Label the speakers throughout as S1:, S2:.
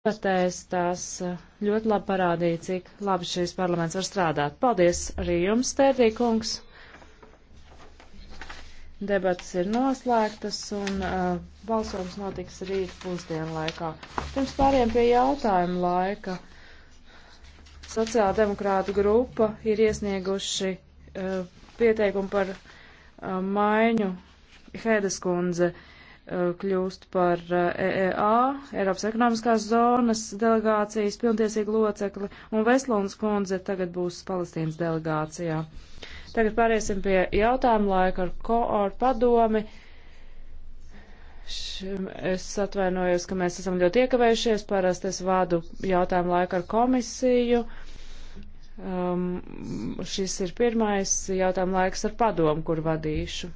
S1: debatēs tās eh, ļoti labi parādīja, cik labi šīs parlaments var strādāt. Paldies arī jums, Tērdī kungs. Debatas ir noslēgtas un uh, balsojums notiks rīt pusdienu laikā. Pirms pāriem pie jautājuma laika. Sociāldemokrātu grupa ir iesnieguši uh, pieteikumu par uh, maiņu Hedas kundze. Uh, Eh, kļūst par EEA, eh, e Eiropas ekonomiskās zonas delegācijas pilntiesīgu locekli, un Veslunds kundze tagad būs Palestīnas delegācijā. Tagad pāriesim pie jautājumu laika ar koordu padomi. Es atvainojos, ka mēs esam ļoti iekavējušies, parasti es vādu jautājumu laiku ar komisiju. Um, šis ir pirmais jautājumu laiks ar padomu, kur vadīšu.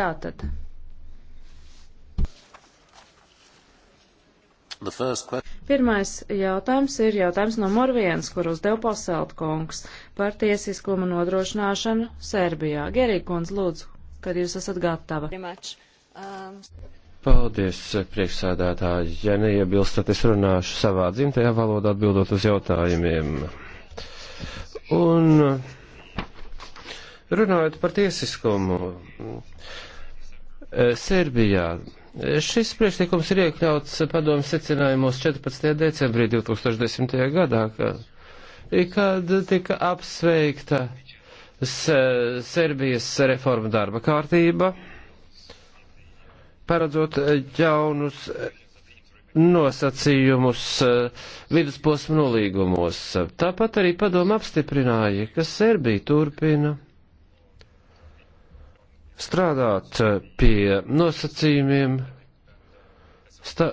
S1: Tātad. Pirmais jautājums ir jautājums numur viens, kur uzdev Paselt kungs par tiesiskumu nodrošināšanu Serbijā. Gerīkons, lūdzu, kad jūs esat gatava. Um,
S2: Paldies, priekšsēdētāji. Ja neiebilstat, es runāšu savā dzimtajā valodā atbildot uz jautājumiem. Un runājot par tiesiskumu, Serbijā Šis priekšlikums ir iekļauts padomu secinājumos 14. decembrī 2010. gadā, kad tika apsveikta Serbijas reforma darba kārtība, paredzot jaunus nosacījumus vidusposmu nolīgumos. Tāpat arī padomu apstiprināja, ka Serbija turpina strādāt eh, pie nosacījumiem, sta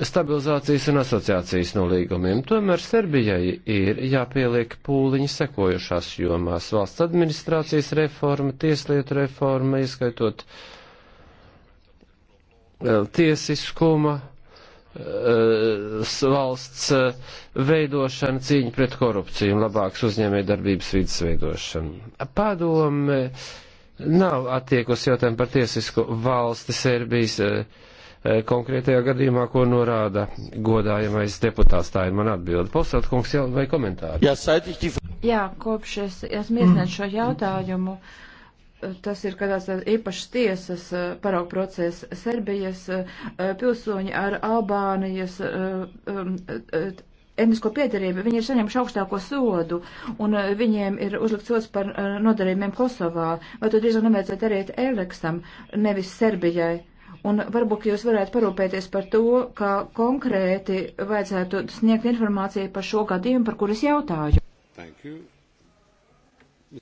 S2: stabilizācijas un asociācijas nolīgumiem. Tomēr Serbijai ir jāpieliek pūliņi sekojušās jomās - valsts administrācijas reforma, tieslietu reforma, ieskaitot eh, tiesiskuma eh, valsts veidošana, cīņa pret korupciju un labāks uzņēmē darbības vidas veidošana. Padome nav attiekusi jautājumu par tiesisku valsti Serbijas eh, eh, konkrētajā gadījumā, ko norāda godājamais deputāts. Tā ir man atbilde. Posselt kungs jau vai komentāri? Jā, saitīgi.
S3: Jā, kopš es esmu iesniedz šo jautājumu, tas ir kādās īpašas tiesas eh, parauga procesa Serbijas pilsoņi ar Albānijas um, etnisko piedarību, viņi ir saņemuši augstāko sodu, un eh, viņiem ir uzlikts sods par eh, nodarījumiem Kosovā. Vai to drīzāk nevajadzētu darīt Eleksam, nevis Serbijai? Un varbūt jūs varētu parūpēties par to, ka konkrēti vajadzētu sniegt informāciju par šo gadījumu, par kuras jautāju.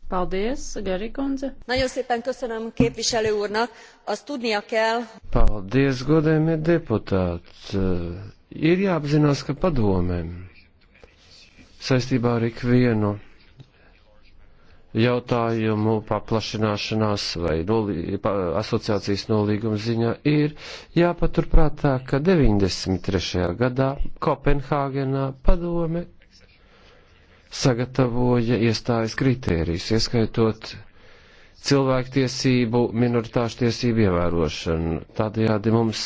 S3: Paldies, Gerikundze.
S1: Nagyon szépen köszönöm képviselő úrnak. Azt tudnia kell.
S2: Paldies, godējumie deputāti. Eh, ir jāapzinās, ka padomēm saistībā ar ikvienu jautājumu paplašināšanās vai nolī, pa, asociācijas nolīguma ziņā ir jāpaturprātā, ka 93. gadā Kopenhāgenā padome sagatavoja iestājas kritērijus, ieskaitot cilvēktiesību, minoritāšu tiesību ievērošanu. Tādējādi mums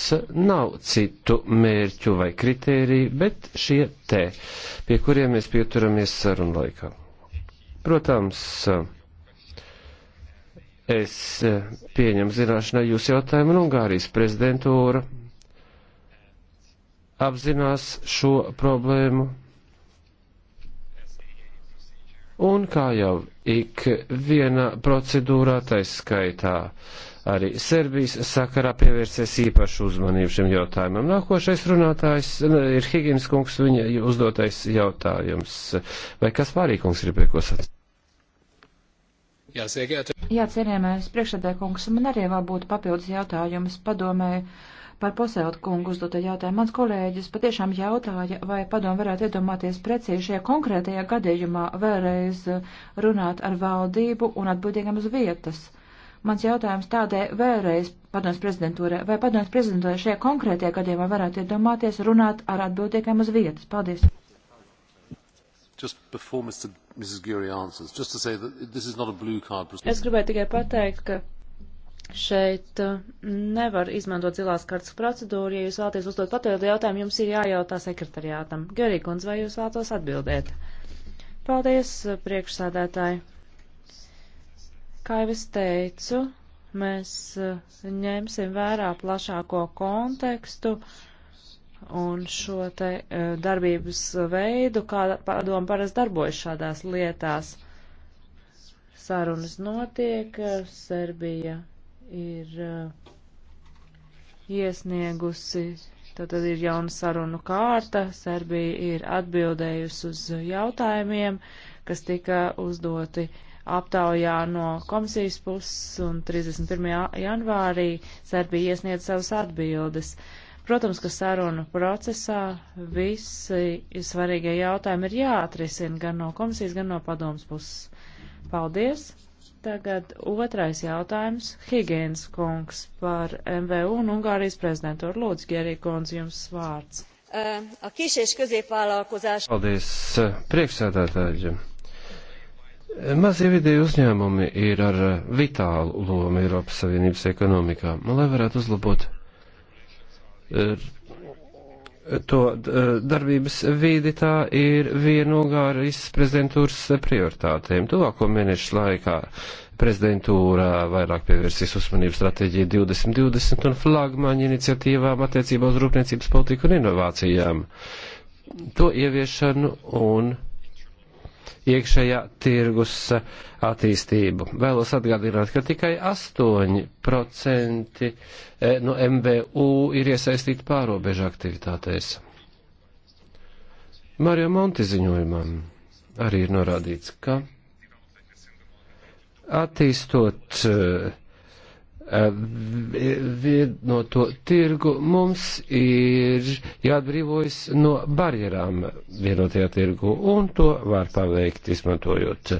S2: nav citu mērķu vai kritēriju, bet šie te, pie kuriem mēs pieturamies sarunu laikā. Protams, es pieņemu zināšanai jūs jautājumu, un Ungārijas prezidentūra apzinās šo problēmu Un kā jau ik vienā procedūrā, taiskaitā arī Serbijas sakarā pievērsies īpašu uzmanību šim jautājumam. Nākošais runātājs ir Higins kungs, viņa uzdotais jautājums. Vai kas pārīkums gribēja ko sacīt? Jā,
S3: cienījamais priekšsēdē kungs, man arī vēl būtu papildus jautājums padomēju Par posēltu kungu uzdoto jautājumu mans kolēģis patiešām jautāja, vai padomu varētu iedomāties precīzi šajā konkrētajā gadījumā vēlreiz runāt ar valdību un atbildīgam uz vietas. Mans jautājums tādēļ vēlreiz padomas prezidentūrē, vai padomas prezidentūrē šajā konkrētajā gadījumā varētu iedomāties runāt ar atbildīgiem uz vietas. Paldies.
S2: Mr, answers, es
S3: gribēju tikai pateikt, ka
S1: Šeit uh, nevar izmantot zilās kartas procedūru. Ja jūs vēlaties uzdot papildu jautājumu, jums ir jājautā sekretariātam. Gerīkundz, vai jūs vēlatos atbildēt? Paldies, uh, priekšsādētāji. Kā jau es teicu, mēs uh, ņemsim vērā plašāko kontekstu un šo te darbības veidu, kā padoma parasti darbojas šādās lietās sarunas notiek, Serbija ir uh, iesniegusi, tātad ir jauna sarunu kārta, Serbija ir atbildējusi uz jautājumiem, kas tika uzdoti aptaujā no komisijas puses, un 31. janvārī Serbija iesniedz savas atbildes. Protams, ka sarunu procesā visi svarīgie jautājumi ir jāatrisina gan no komisijas, gan no padomas puses. Paldies! Tagad otrais jautājums - Higienas kungs par MVU un Ungārijas prezidentūru. Lūdzu, Gerī kundze, jums vārds. A kis és középvállalkozás.
S2: Paldies, priekšsēdētāji. Mazie vidēji uzņēmumi ir ar vitālu lomu Eiropas Savienības ekonomikā, lai varētu uzlabot er, to eh, darbības vīdi, tā ir viena no Ungārijas prezidentūras prioritātēm. Tuvāko mēnešu laikā prezidentūra vairāk pievērsīs uzmanību stratēģiju 2020 un flagmaņa iniciatīvām attiecībā uz rūpniecības politiku un inovācijām. To ieviešanu un iekšējā tirgus attīstību. Vēlos atgādināt, ka tikai 8% e, no MVU ir iesaistīti pārobežu aktivitātēs. Mario Monti ziņojumam arī ir norādīts, ka attīstot uh, Eh, vienoto no tirgu mums ir jāatbrīvojas no barjerām vienotajā tirgu, un to var paveikt izmantojot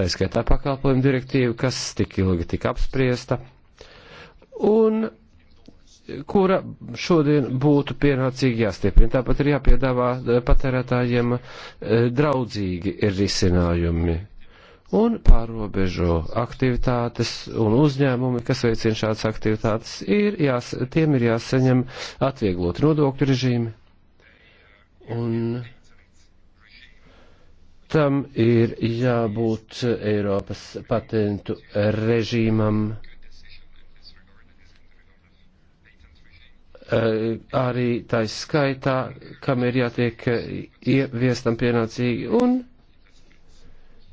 S2: tā skaitā pakalpojumu direktīvu, kas tik ilgi tika apspriesta, un kura šodien būtu pienācīgi jāstieprina. Tāpat ir jāpiedāvā patērētājiem eh, draudzīgi risinājumi un pārobežu aktivitātes un uzņēmumi, kas veicina šādas aktivitātes, ir jās, tiem ir jāsaņem atvieglot nodokļu režīmi. Un tam ir jābūt Eiropas patentu režīmam. E, arī tā skaitā, kam ir jātiek ieviestam pienācīgi un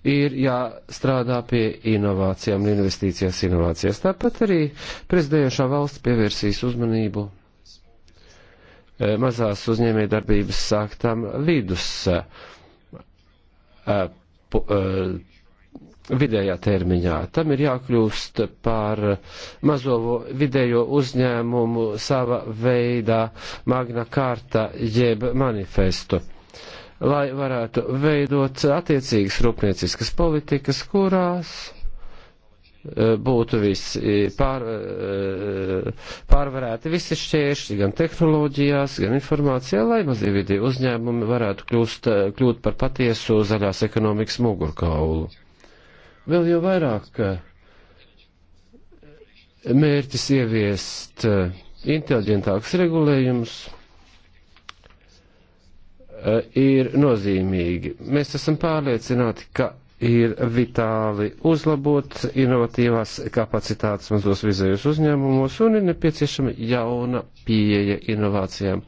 S2: ir jāstrādā pie inovācijām un investīcijās inovācijās. Tāpat arī prezidējošā valsts pievērsīs uzmanību e, mazās uzņēmējdarbības sāktam vidus e, e, vidējā termiņā. Tam ir jākļūst par mazo vidējo uzņēmumu sava veidā magna kārta jeb manifestu lai varētu veidot attiecīgas rūpnieciskas politikas, kurās e, būtu visi pār, e, pārvarēti visi šķēršļi, gan tehnoloģijās, gan informācijā, lai mazie vidi uzņēmumi varētu kļūst, e, kļūt par patiesu zaļās ekonomikas mugurkaulu. Vēl jau vairāk mērķis ieviest inteliģentāks regulējums Eh, ir nozīmīgi. Mēs esam pārliecināti, ka ir vitāli uzlabot inovatīvās kapacitātes mazos vizējos uzņēmumos un ir nepieciešama jauna pieeja inovācijām,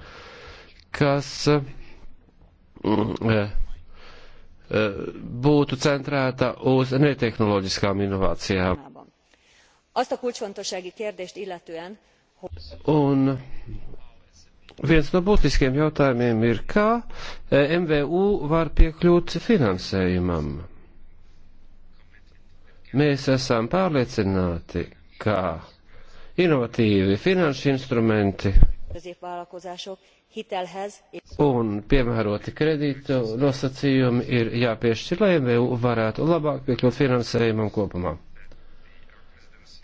S2: kas eh, eh, būtu centrēta uz netehnoloģiskām inovācijām. Un Viens no būtiskiem jautājumiem ir, kā e, MVU var piekļūt finansējumam. Mēs esam pārliecināti, ka inovatīvi finanšu instrumenti un piemēroti kredītu nosacījumi ir jāpiešķir, lai MVU varētu labāk piekļūt finansējumam kopumā.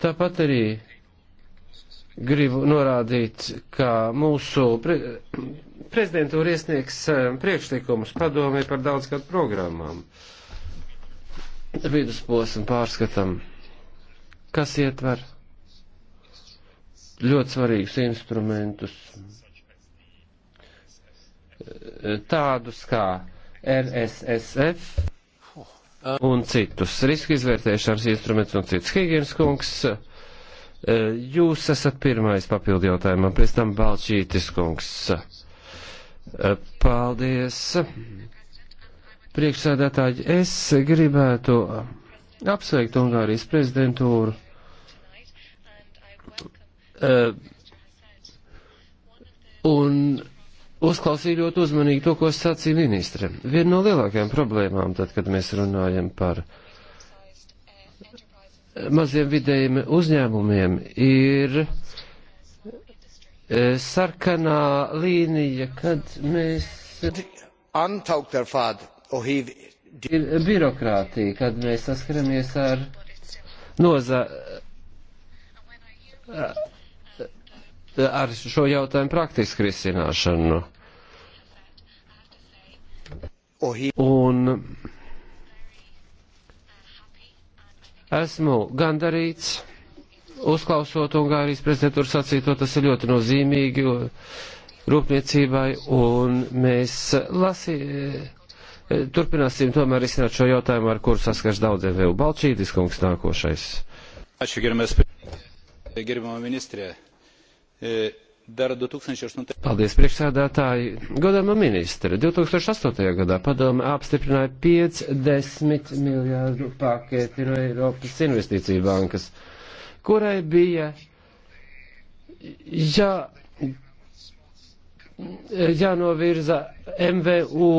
S2: Tāpat arī gribu norādīt, ka mūsu pre prezidentūra iesniegs eh, priekšlikumus padomē par daudzgad programmām. Vidusposmu pārskatam, kas ietver ļoti svarīgus instrumentus, eh, tādus kā RSSF un citus riska izvērtēšanas instrumentus un citus. Higienas kungs Eh, jūs esat pirmais papildi jautājumā, pēc tam Balčītis kungs. Eh, paldies. Priekšsēdētāji, es gribētu apsveikt Ungārijas prezidentūru. Eh, un uzklausīju ļoti uzmanīgi to, ko sacīja ministre. Viena no lielākajām problēmām, tad, kad mēs runājam par uh, maziem vidējiem uzņēmumiem ir eh, sarkanā līnija, kad mēs. Ir birokrātija, kad mēs saskaramies ar noza. ar šo jautājumu praktisku risināšanu. Un Esmu gandarīts, uzklausot Ungārijas prezidentūru sacīto, tas ir ļoti nozīmīgi rūpniecībai, un mēs lasi, e, turpināsim tomēr izsināt šo jautājumu, ar kuru saskars daudziem vēl. Balčītis kungs nākošais. Ačiū, gerbiamas ministrē. E, dara 2008. Paldies, priekšsēdētāji. Godama ministra, 2008. gadā padome apstiprināja 50 miljārdu paketi no Eiropas investīciju bankas, kurai bija jā, jānovirza MVU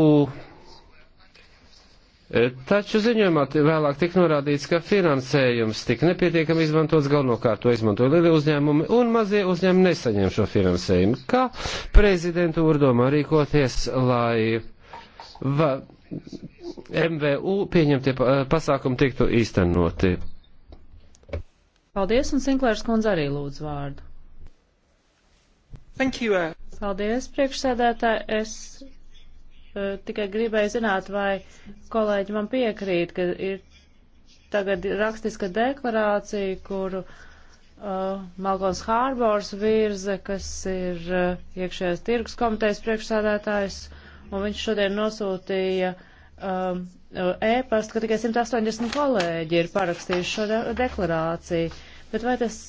S2: Taču ziņojumā vēlāk tika norādīts, ka finansējums tika nepietiekami izmantots, galvenokārt to izmantoja lielie uzņēmumi, un mazie uzņēmumi nesaņem šo finansējumu. Kā prezidentūra domā rīkoties, lai va, MVU pieņemtie pasākumi tiktu īstenoti?
S1: Paldies, un Sinklērs kundze arī lūdz vārdu. Thank you. Uh, Paldies, priekšsēdētāji. Es Eh, tikai gribēju zināt, vai kolēģi man piekrīt, ka ir tagad rakstiska deklarācija, kuru uh, eh, Malgons Hārbors virze, kas ir uh, iekšējās tirgus komitejas priekšsādātājs, un viņš šodien nosūtīja um, ēpastu, e ka tikai 180 kolēģi ir parakstījuši šo de deklarāciju. Bet vai tas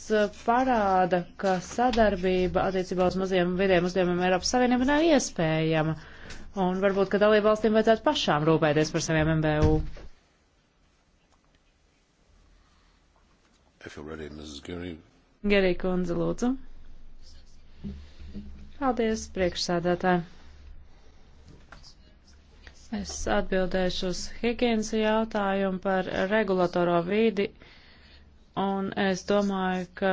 S1: parāda, ka sadarbība attiecībā uz maziem vidiem uzņēmumiem Eiropas Savienībā nav iespējama? Uh, Un varbūt, ka dalībvalstīm vajadzētu pašām rūpēties par saviem MBU. Gerī kundze, lūdzu. Paldies, priekšsādātāji. Es atbildēšu uz Higienas jautājumu par regulatoro vīdi, un es domāju, ka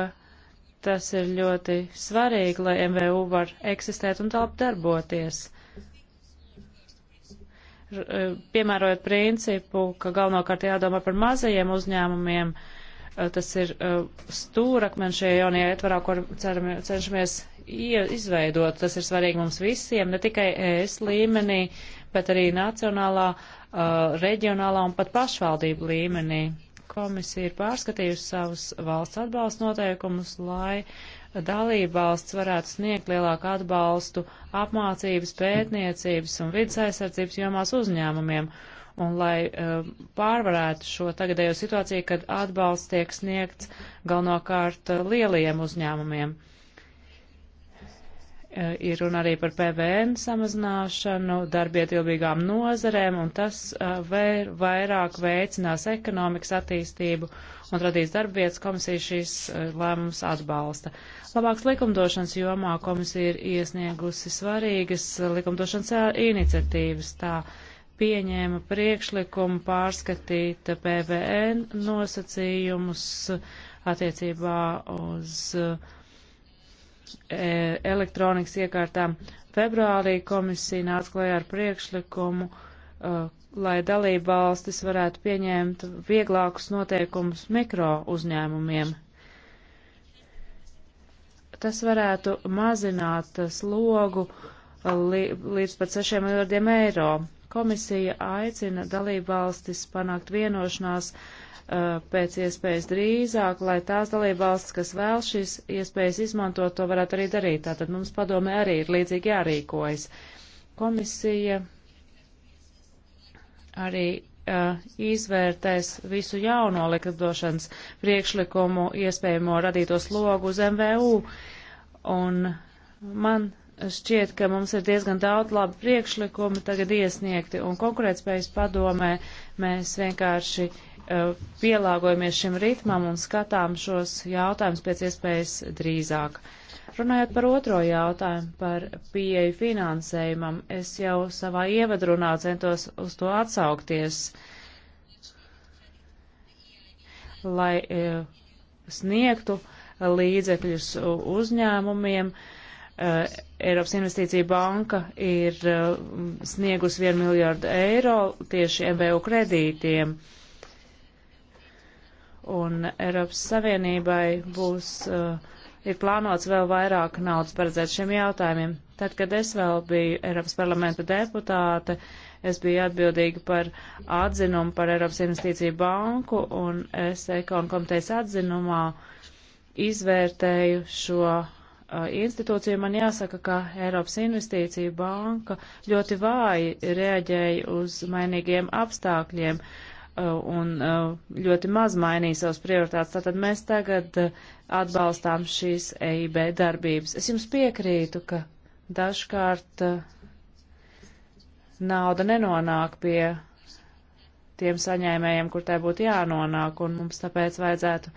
S1: tas ir ļoti svarīgi, lai MVU var eksistēt un tālp darboties. E, piemērojot principu, ka galvenokārt jādomā par mazajiem uzņēmumiem, e, tas ir e, stūrakmen šajā jaunajā ietvarā, kur ceram, cenšamies izveidot. Tas ir svarīgi mums visiem, ne tikai ES līmenī, bet arī nacionālā, reģionālā un pat pašvaldību līmenī. Komisija ir pārskatījusi savus valsts atbalsta noteikumus, lai uh, dalībvalsts varētu sniegt lielāku atbalstu apmācības, pētniecības un vidas aizsardzības jomās uzņēmumiem, un lai uh, pārvarētu šo tagadējo situāciju, kad atbalsts tiek sniegts galvenokārt eh, lielajiem uzņēmumiem. Uh, ir runa arī par PVN samazināšanu, darbietilbīgām nozarēm, un tas uh, vairāk veicinās ekonomikas attīstību un radīs darbvietas, komisija šīs eh, lēmums atbalsta. Labāks likumdošanas jomā komisija ir iesniegusi svarīgas eh, likumdošanas eh, iniciatīvas. Tā pieņēma priekšlikumu pārskatīt PVN nosacījumus attiecībā uz e-, elektronikas iekārtām. Februārī komisija nāca klajā ar priekšlikumu uh, Uh, lai dalība valstis varētu pieņemt vieglākus noteikumus mikro uzņēmumiem. Tas varētu mazināt slogu uh, līdz pat 6 miljardiem eiro. Komisija aicina dalību valstis panākt vienošanās uh, pēc iespējas drīzāk, lai tās dalībvalstis, kas vēl šīs iespējas izmantot, to varētu arī darīt. Tātad mums padome arī ir līdzīgi jārīkojas. Komisija arī uh, izvērtēs visu jauno likumdošanas priekšlikumu iespējamo radīto slogu uz MVU. Un man šķiet, ka mums ir diezgan daudz labi priekšlikumi tagad iesniegti, un konkurētspējas padomē mēs vienkārši uh, pielāgojamies šim ritmam un skatām šos jautājumus pēc iespējas drīzāk. Uh, Runājot par otro jautājumu, par pieeju finansējumam, es jau savā ievadrunā centos uz to atsaukties, lai eh, sniegtu līdzekļus uzņēmumiem. Eh, Eiropas Investīcija banka ir eh, sniegus 1 miljārdu eiro tieši MBU kredītiem. Un Eiropas Savienībai būs uh, ir plānots vēl vairāk naudas paredzēt šiem jautājumiem. Tad, kad es vēl biju Eiropas parlamenta deputāte, es biju atbildīga par atzinumu par Eiropas investīciju banku, un es ekonu komitejas atzinumā izvērtēju šo uh, institūciju. Man jāsaka, ka Eiropas investīciju banka ļoti vāji reaģēja uz mainīgiem apstākļiem. Uh, Uh, un uh, ļoti maz mainīja savas prioritātes. Tātad mēs tagad uh, atbalstām šīs EIB darbības. Es jums piekrītu, ka dažkārt nauda nenonāk pie tiem saņēmējiem, kur tai būtu jānonāk, un mums tāpēc vajadzētu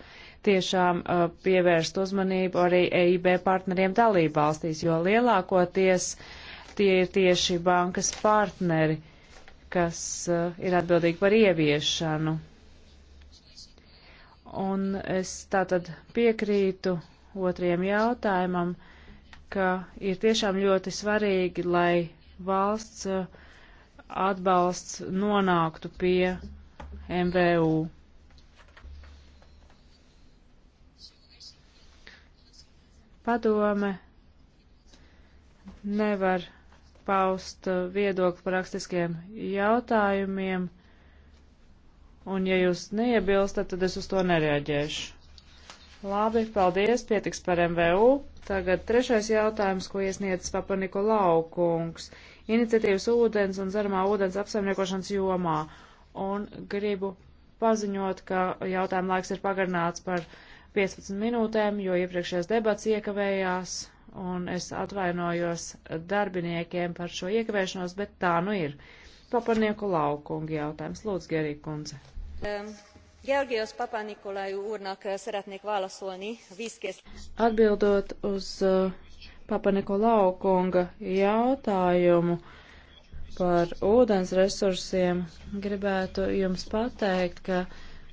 S1: tiešām uh, pievērst uzmanību arī EIB partneriem dalībvalstīs, jo lielākoties tie ir tieši bankas partneri. Uh, kas eh, ir atbildīgi par ieviešanu. Un es tātad piekrītu otriem jautājumam, ka ir tiešām ļoti svarīgi, lai valsts eh, atbalsts nonāktu pie MVU. Padome nevar paust uh, viedokli par rakstiskiem jautājumiem, un ja jūs neiebilstat, tad es uz to nereaģēšu. Labi, paldies, pietiks par MVU. Tagad trešais jautājums, ko iesniedz Papaniku Laukungs. Iniciatīvas ūdens un zaramā ūdens apsaimniekošanas jomā. Un gribu paziņot, ka jautājuma laiks ir pagarināts par 15 minūtēm, jo iepriekšējās debats iekavējās un es atvainojos darbiniekiem par šo iekavēšanos, bet tā nu ir. Papanieku laukungi jautājums. Lūdzu, Gerī kundze. Um. Georgios Papanikolaju úrnak eh, szeretnék válaszolni vízkész. Atbildot uz uh, eh, Papanikolau kunga jautājumu par ūdens resursiem, gribētu jums pateikt, ka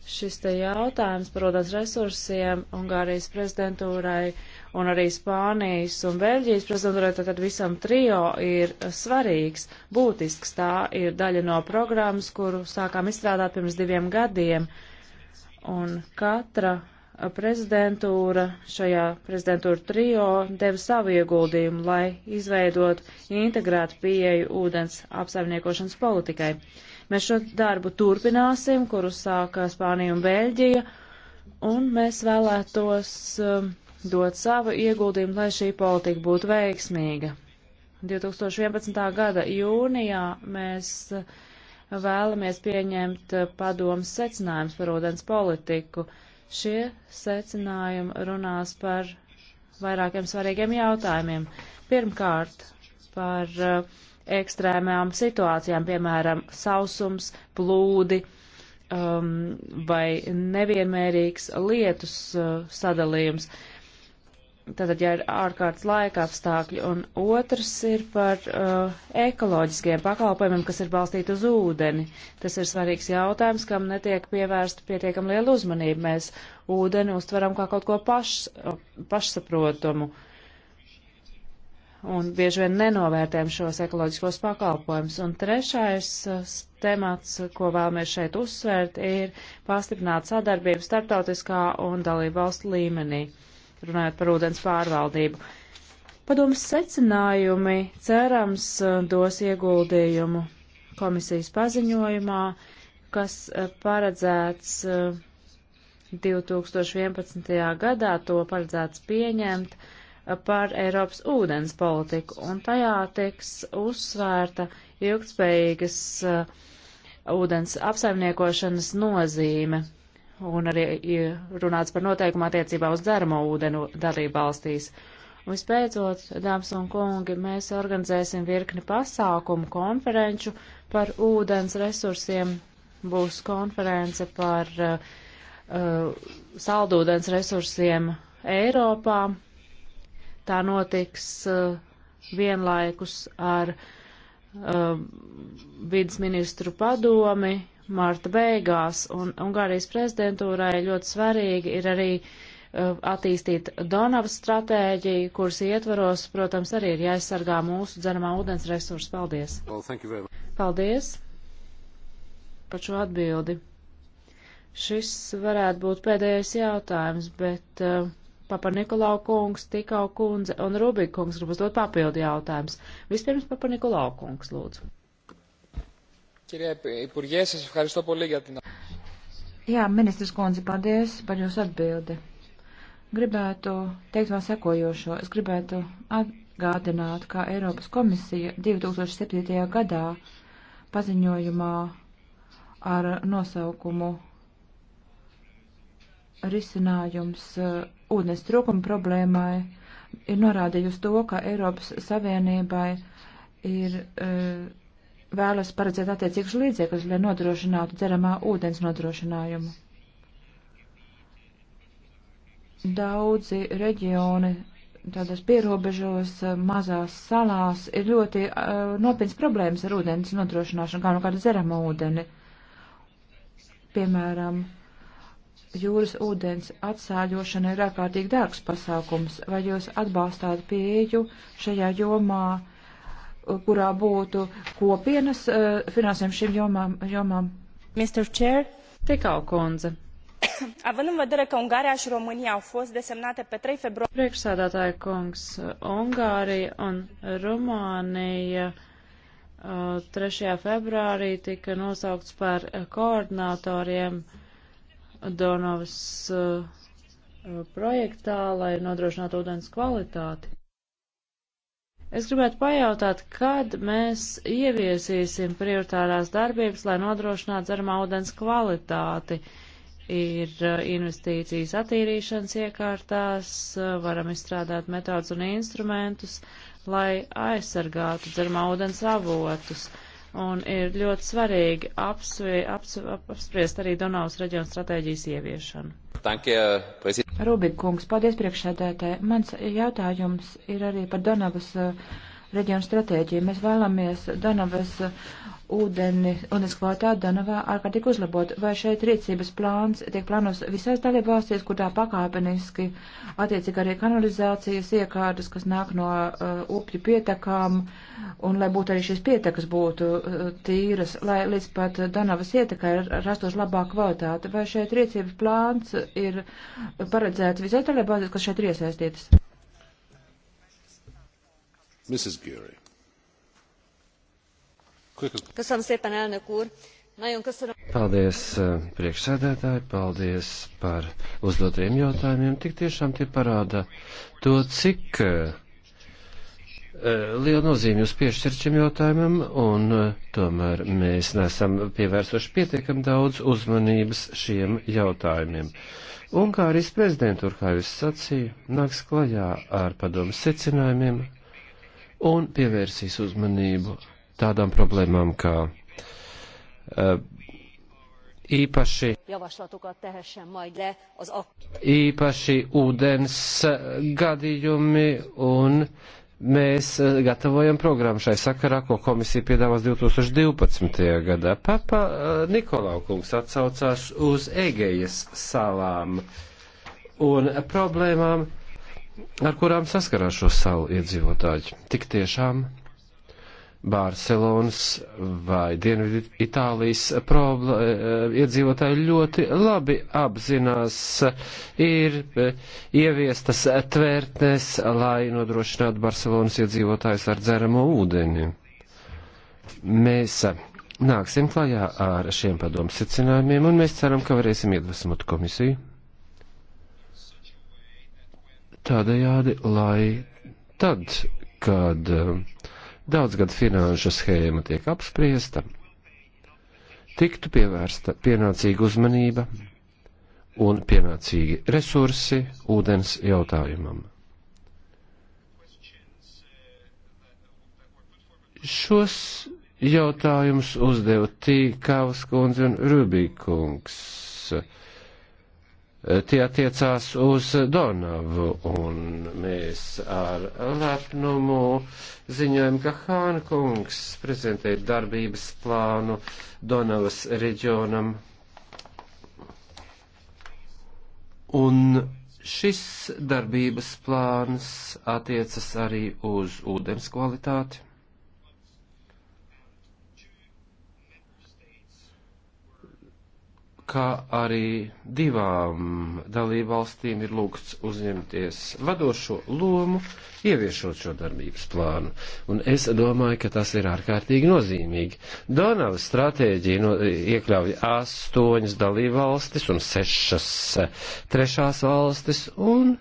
S1: šis te jautājums par ūdens resursiem Ungārijas prezidentūrai un arī Spānijas un Beļģijas prezidentūrai, tad, tad visam trio ir eh, svarīgs, būtisks. Tā ir daļa no programmas, kuru sākām izstrādāt pirms diviem gadiem. Un katra eh, prezidentūra šajā prezidentūra trio deva savu ieguldījumu, lai izveidot integrētu pieeju ūdens apsaimniekošanas politikai. Mēs šo darbu turpināsim, kuru sāka Spānija un Beļģija, un mēs vēlētos uh, dot savu ieguldījumu, lai šī politika būtu veiksmīga. 2011. gada jūnijā mēs uh, vēlamies pieņemt uh, padomas secinājumus par ūdens politiku. Šie secinājumi runās par vairākiem svarīgiem jautājumiem. Pirmkārt, par uh, ekstrēmām situācijām, piemēram, sausums, plūdi um, vai nevienmērīgs lietus uh, sadalījums tātad, ja ir ārkārtas laika apstākļi, un otrs ir par uh, ekoloģiskajiem pakalpojumiem, kas ir balstīti uz ūdeni. Tas ir svarīgs jautājums, kam netiek pievērsta pietiekam liela uzmanība. Mēs ūdeni uztveram kā kaut ko paš, pašsaprotamu, un bieži vien nenovērtējam šos ekoloģiskos pakalpojumus. Un trešais uh, temats, ko vēlamies šeit uzsvērt, ir pastiprināt sadarbību starptautiskā un dalību valstu līmenī. Uh, runājot par ūdens pārvaldību. Padomas secinājumi cerams eh, dos ieguldījumu komisijas paziņojumā, kas eh, paredzēts 2011. Eh, gadā, to paredzēts pieņemt par Eiropas ūdens politiku, un tajā tiks uzsvērta ilgtspējīgas ūdens apsaimniekošanas nozīme un arī ir runāts par noteikumu attiecībā uz dzeramo ūdenu dalību valstīs. Un visbeidzot, dāmas un kungi, mēs organizēsim virkni pasākumu konferenču par ūdens resursiem. Būs konference par uh, uh saldūdens resursiem Eiropā. Tā notiks uh, vienlaikus ar uh, vidas ministru padomi marta beigās, un Ungārijas prezidentūrai ļoti svarīgi ir arī uh, attīstīt Donavas stratēģiju, kuras ietvaros, protams, arī ir jāaizsargā mūsu dzeramā ūdens resursi. Paldies! Well, Paldies par šo atbildi. Šis varētu būt pēdējais jautājums, bet uh, Papa Nikolau kungs, Tikau kundze un Rubik kungs gribas dot papildu jautājumus. Vispirms Papa Nikolau kungs,
S2: lūdzu. Kirjā Υπουργē, es ευχαριστώ πολύ για την.
S3: Jā, ministrs Konzi, paldies par jūsu atbildi. Gribētu teikt vēl sekojošo. Es gribētu atgādināt, ka Eiropas komisija 2007. gadā paziņojumā ar nosaukumu risinājums eh, ūdens trūkuma problēmai ir norādījusi to, ka Eiropas Savienībai ir. Uh, vēlas paredzēt attiecīgus līdzekļus, lai nodrošinātu dzeramā ūdens nodrošinājumu. Daudzi reģioni tādās pierobežos, mazās salās ir ļoti uh, nopietnas problēmas ar ūdens nodrošināšanu, kā no nu kāda dzerama ūdeni. Piemēram, jūras ūdens atsāļošana ir ārkārtīgi dārgs pasākums. Vai jūs atbalstāt pieeju šajā jomā? kurā būtu kopienas uh, finansējums šīm jomām. jomām. Mr. Chair. Tikau kundze.
S1: Având în vedere că Ungaria și România au fost desemnate pe 3 februarie. Priekšsēdētāja kungs, Ungārija un Rumānija uh, eh, 3. februārī tika nosaukts par koordinatoriem Donovas uh, projektā, lai nodrošinātu ūdens kvalitāti. Es gribētu pajautāt, kad mēs ieviesīsim prioritārās darbības, lai nodrošinātu dzeramā ūdens kvalitāti. Ir uh, investīcijas attīrīšanas iekārtās, uh, varam izstrādāt metodus un instrumentus, lai aizsargātu dzeramā ūdens avotus. Uh, un ir ļoti svarīgi apsvie, aps, ap, apspriest arī Donavas reģiona
S3: stratēģijas ieviešanu. Rubik kungs, paldies priekšsēdētāji. Mans jautājums ir arī par Donavas uh, reģionu stratēģiju. Mēs vēlamies Danavas ūdeni, ūdens kvalitāti Danavā ārkārtīgi uzlabot. Vai šeit rīcības plāns tiek plānos visās dalībvalstīs, kur tā pakāpeniski attiecīgi arī kanalizācijas iekārtas, kas nāk no uh, upju pietekām, un lai būtu arī šīs pietekas būtu uh, tīras, lai līdz pat Danavas ietekai rastos labāk kvalitāte. Vai šeit rīcības plāns ir paredzēts visās dalībvalstīs, kas šeit ir iesaistītas?
S1: Nagyon köszönöm.
S2: Paldies eh, priekšsēdētāji, paldies par uzdotiem jautājumiem. Tik tiešām tie parāda to, cik uh, eh, eh, liela nozīme jūs piešķirt šim jautājumam, un uh, tomēr mēs nesam pievērsuši pietiekam daudz uzmanības šiem jautājumiem. Un kā arī prezidentūra, kā jūs sacīju, nāks klajā ar padomu secinājumiem, un pievērsīs uzmanību tādām problēmām kā uh, īpaši, īpaši ūdens gadījumi un mēs gatavojam programmu šai sakarā, ko komisija piedāvās 2012. gadā. Papa e, Nikolaukungs atsaucās uz Egejas salām un problēmām, ar kurām saskarās šo salu iedzīvotāji. Tik tiešām Bārcelonas vai Dienvidu Itālijas probla, iedzīvotāji ļoti labi apzinās, ir e, ieviestas tvērtnes, lai nodrošinātu Barcelonas iedzīvotājus ar dzeramo ūdeni. Mēs nāksim klajā ar šiem padomu secinājumiem, un mēs ceram, ka varēsim iedvesmot komisiju tādējādi, lai tad, kad eh, daudzgad finanšu schēma tiek apspriesta, tiktu pievērsta pienācīga uzmanība un pienācīgi resursi ūdens jautājumam. Šos jautājumus uzdeva Tīkavs kundze un Rubīkungs. kungs Eh, tie attiecās uz Donavu, un mēs ar lepnumu ziņojam, ka Hāna kungs prezentē darbības plānu Donavas reģionam. Un šis darbības plāns attiecas arī uz ūdens kvalitāti. kā arī divām dalībvalstīm ir lūgts uzņemties vadošo lomu, ieviešot šo darbības plānu. Un es domāju, ka tas ir ārkārtīgi nozīmīgi. Donavas stratēģija no, iekļauj astoņas dalībvalstis un sešas trešās valstis un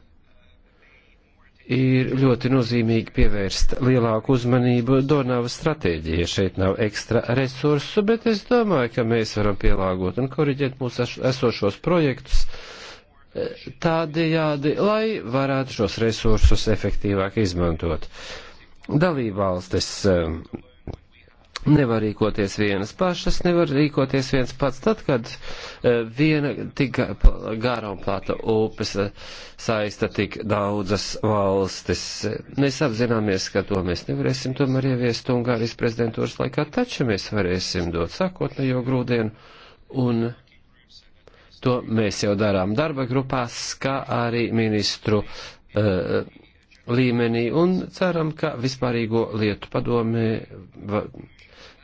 S2: ir ļoti nozīmīgi pievērst lielāku uzmanību Donavas stratēģijai. Šeit nav ekstra resursu, bet es domāju, ka mēs varam pielāgot un koriģēt mūsu esošos projektus eh, tādējādi, lai varētu šos resursus efektīvāk izmantot. Dalībvalstis eh, nevar rīkoties vienas pašas, nevar rīkoties viens pats. Tad, kad e, viena tik gara un plata upes e, saista tik daudzas valstis, mēs apzināmies, ka to mēs nevarēsim tomēr ieviest Ungārijas prezidentūras laikā, taču mēs varēsim dot sakotnējo grūdienu un to mēs jau darām darba grupās, kā arī ministru. Uh, līmenī un ceram, ka vispārīgo lietu padome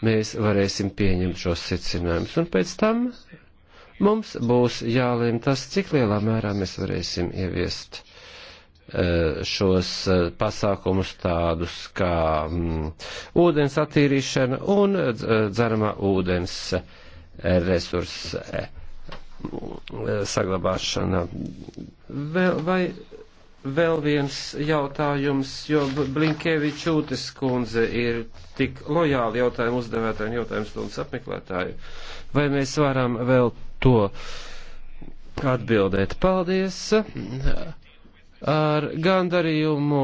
S2: mēs varēsim pieņemt šos secinājumus. Un pēc tam mums būs jālēm tas, cik lielā mērā mēs varēsim ieviest eh, šos eh, pasākumus tādus kā mm, ūdens attīrīšana un eh, dzeramā ūdens resursa mm, saglabāšana. Vēl vai vēl viens jautājums, jo Blinkeviča Čūtes kundze ir tik lojāli jautājumu uzdevētāju un jautājumu stundas apmeklētāju. Vai mēs varam vēl to atbildēt? Paldies! Ar gandarījumu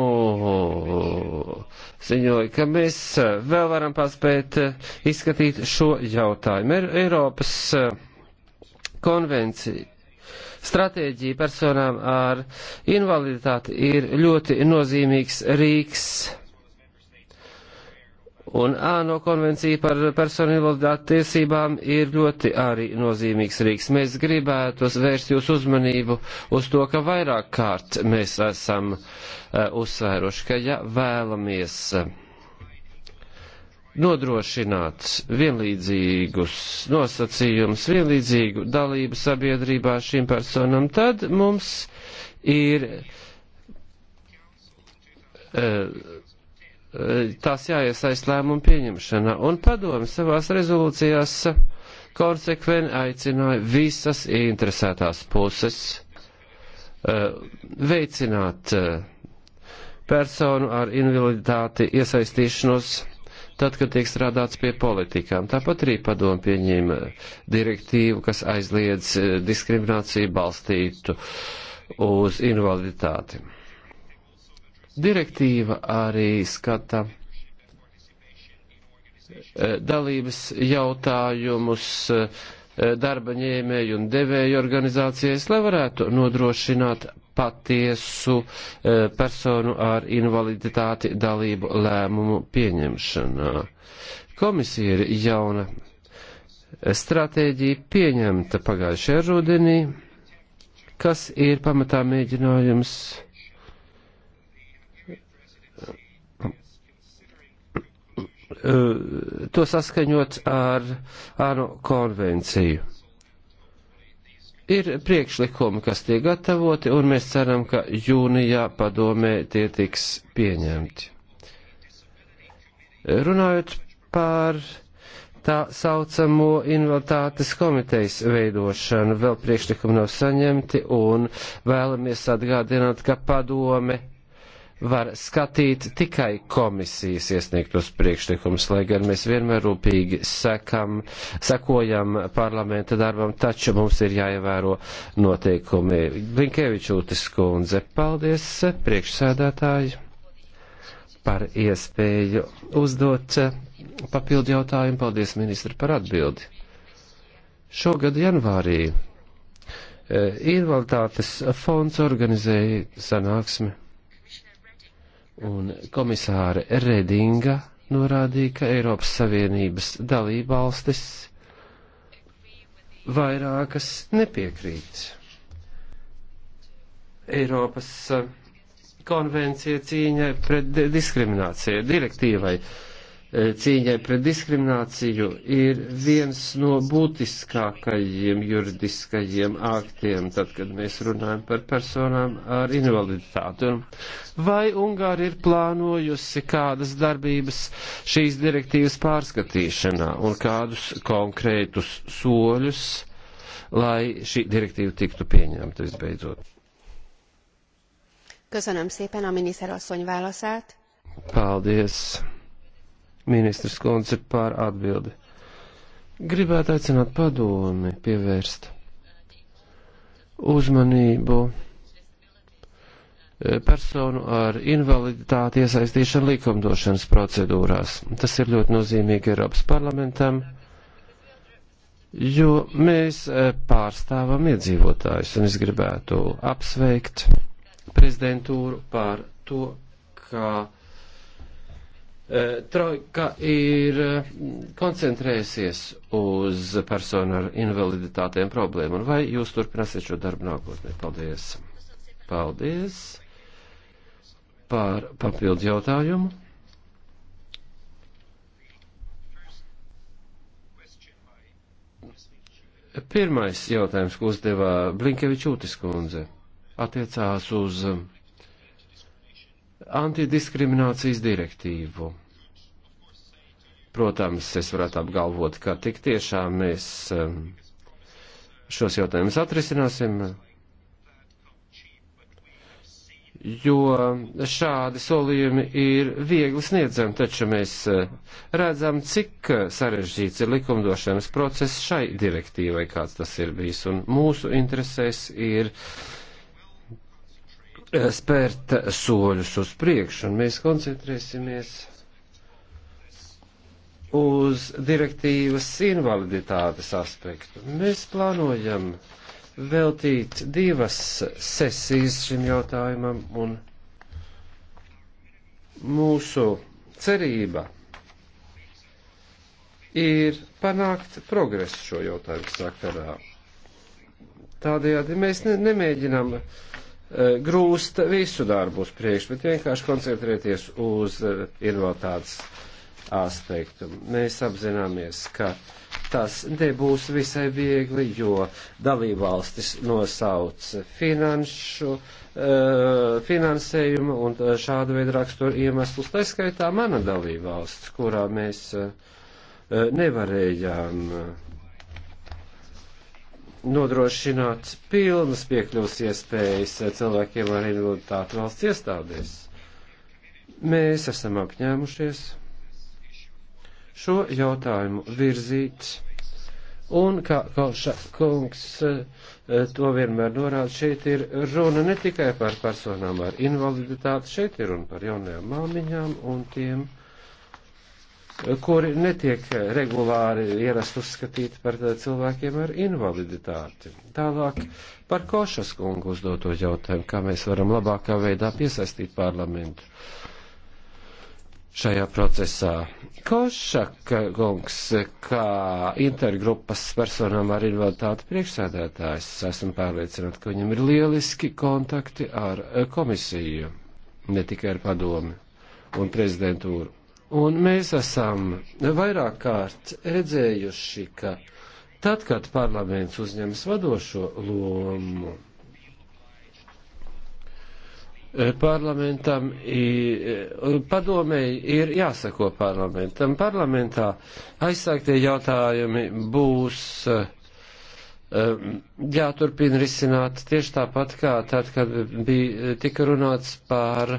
S2: ziņoju, ka mēs vēl varam paspēt izskatīt šo jautājumu. Eiropas konvencija Stratēģija personām ar invaliditāti ir ļoti nozīmīgs rīks. Un ANO konvencija par personu invaliditāti tiesībām ir ļoti arī nozīmīgs rīks. Mēs gribētu vērst jūsu uzmanību uz to, ka vairāk kārt mēs esam uh, uzsvēruši, ka ja vēlamies uh, nodrošināt vienlīdzīgus nosacījumus, vienlīdzīgu dalību sabiedrībā šīm personam, tad mums ir eh, eh, tās jāiesaist lēmumu pieņemšanā. Un padomi savās rezolūcijās konsekventi aicināja visas interesētās puses eh, veicināt personu ar invaliditāti iesaistīšanos tad, kad tiek strādāts pie politikām. Tāpat arī padomu pieņēma direktīvu, kas aizliedz eh, diskrimināciju balstītu uz invaliditāti. Direktīva arī skata eh, dalības jautājumus eh, darba ņēmēju un devēju organizācijas, lai varētu nodrošināt patiesu e, personu ar invaliditāti dalību lēmumu pieņemšanā. Komisija ir jauna stratēģija pieņemta pagājušajā rudenī, kas ir pamatā mēģinājums e, to saskaņot ar ANO konvenciju Ir priekšlikumi, kas tiek gatavoti, un mēs ceram, ka jūnijā padomē tie tiks pieņemti. Runājot par tā saucamo invaliditātes komitejas veidošanu, vēl priekšlikumi nav saņemti, un vēlamies atgādināt, ka padome var skatīt tikai komisijas iesniegtos priekšlikumus, lai gan mēs vienmēr rūpīgi sekam, sekojam parlamenta darbam, taču mums ir jāievēro noteikumi. Blinkevičūtis kundze, paldies priekšsēdētāji par iespēju uzdot papildu jautājumu. Paldies ministri par atbildi. Šogad janvārī eh, invaliditātes fonds organizēja sanāksmi Un komisāra Redinga norādīja, ka Eiropas Savienības dalībvalstis vairākas nepiekrīt. Eiropas eh, konvencija cīņa pret diskrimināciju direktīvai cīņai pret diskrimināciju ir viens no būtiskākajiem juridiskajiem aktiem, tad, kad mēs runājam par personām ar invaliditāti. Vai Ungāri ir plānojusi kādas darbības šīs direktīvas pārskatīšanā un kādus konkrētus soļus, lai šī direktīva tiktu pieņemta visbeidzot?
S1: Köszönöm szépen a miniszter asszony válaszát.
S2: Paldies ministrs Konce par atbildi. Gribētu aicināt padomi pievērst uzmanību eh, personu ar invaliditāti iesaistīšanu likumdošanas procedūrās. Tas ir ļoti nozīmīgi Eiropas parlamentam, jo mēs eh, pārstāvam iedzīvotājus, un es gribētu apsveikt prezidentūru par to, kā Eh, Trojka ir eh, koncentrējusies uz personu ar invaliditātēm problēmu, un vai jūs turpināsiet šo darbu nākotnē? Paldies! Paldies par papildu jautājumu. Pirmais jautājums, ko uzdevā Blinkevičūtis kundze, attiecās uz eh, antidiskriminācijas direktīvu. Protams, es varētu apgalvot, ka tik tiešām mēs um, šos jautājumus atrisināsim, jo šādi solījumi ir viegli sniedzami, taču mēs uh, redzam, cik sarežģīts ir likumdošanas process šai direktīvai, kāds tas ir bijis, un mūsu interesēs ir uh, spērt soļus uz priekšu, un mēs koncentrēsimies uz direktīvas invaliditātes aspektu. Mēs plānojam veltīt divas sesijas šim jautājumam un mūsu cerība ir panākt progresu šo jautājumu sakarā. Tādējādi mēs ne, nemēģinām uh, e, grūst visu darbu uz priekšu, bet vienkārši koncentrēties uz uh, invaliditātes uh, aspektu. Mēs apzināmies, ka tas nebūs visai viegli, jo dalībvalstis nosauc finanšu, eh, finansējumu un šādu veidu raksturu iemeslus, tā skaitā mana dalībvalsts, kurā mēs eh, nevarējām eh, nodrošināt pilnas piekļuvas iespējas cilvēkiem ar invaliditāti valsts iestādēs. Mēs esam apņēmušies šo jautājumu virzīt. Un, kā Kalša kungs eh, to vienmēr norāda, šeit ir runa ne tikai par personām ar invaliditāti, šeit ir runa par jaunajām māmiņām un tiem, kuri netiek regulāri ierast uzskatīti par eh, cilvēkiem ar invaliditāti. Tālāk par Košas kungu uzdoto jautājumu, kā mēs varam labākā veidā piesaistīt parlamentu. Uh, šajā procesā. Košaka eh, kungs, kā intergrupas personām ar invaliditāti priekšsēdētājs, esmu pārliecināts, ka viņam ir lieliski kontakti ar eh, komisiju, ne tikai ar padomi un prezidentūru. Un mēs esam vairāk kārt redzējuši, ka tad, kad parlaments uzņems vadošo lomu, Eh, parlamentam, eh, padomēji ir jāsako parlamentam. Parlamentā aizsāktie jautājumi būs eh, jāturpina risināt tieši tāpat kā tad, kad bija tika runāts par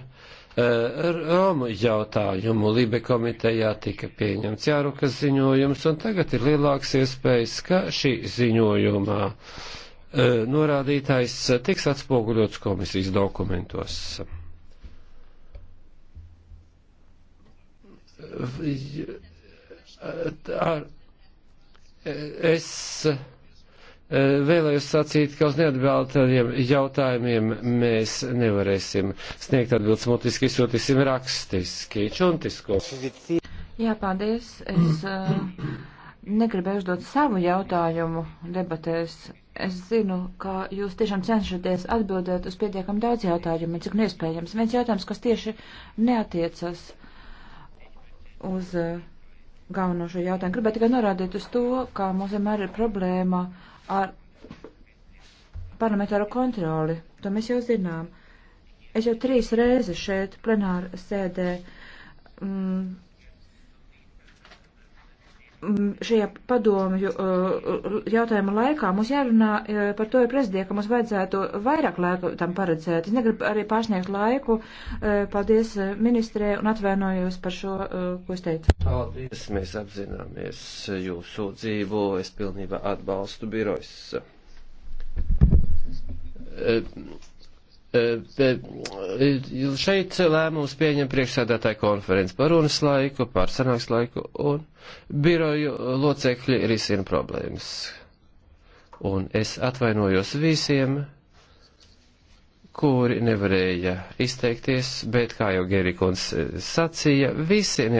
S2: Romu jautājumu. Libe komitejā tika pieņemts jārukas ziņojums, un tagad ir lielāks iespējas, ka šī ziņojumā uh, Eh, norādītājs eh, tiks atspoguļots komisijas dokumentos. Eh, ar, es vēlējos sacīt, ka uz neatbildētiem jautājumiem mēs nevarēsim sniegt atbildes mutiski, izsotīsim rakstiski, čontisko.
S3: Jā, paldies. Es uh, negribēju uzdot savu jautājumu debatēs. Es zinu, ka jūs tiešām cenšaties atbildēt uz pietiekam daudz jautājumu, cik neiespējams. Viens jautājums, kas tieši neatiecas uz eh, galveno šo jautājumu. Gribētu tikai norādīt uz to, ka mums vienmēr ir problēma ar parlamentāro kontroli. To mēs jau zinām. Es jau trīs reizes šeit plenāra sēdē. Mm, šajā padomju uh, jautājuma laikā mums jārunā uh, par to, ja prezidija, ka mums vajadzētu vairāk laika tam paredzēt. Es negribu arī pārsniegt laiku. Uh, paldies ministrē un atvainojos par šo, ko es teicu.
S2: Paldies, mēs apzināmies jūsu sūdzību. Es pilnībā atbalstu birojas. Eh, šeit lēmums pieņem priekšsēdētāja konferences par runas laiku, par sanāks laiku, un biroju locekļi risina problēmas. Un es atvainojos visiem, kuri nevarēja izteikties, bet, kā jau Gerikons eh, sacīja, visiem jā.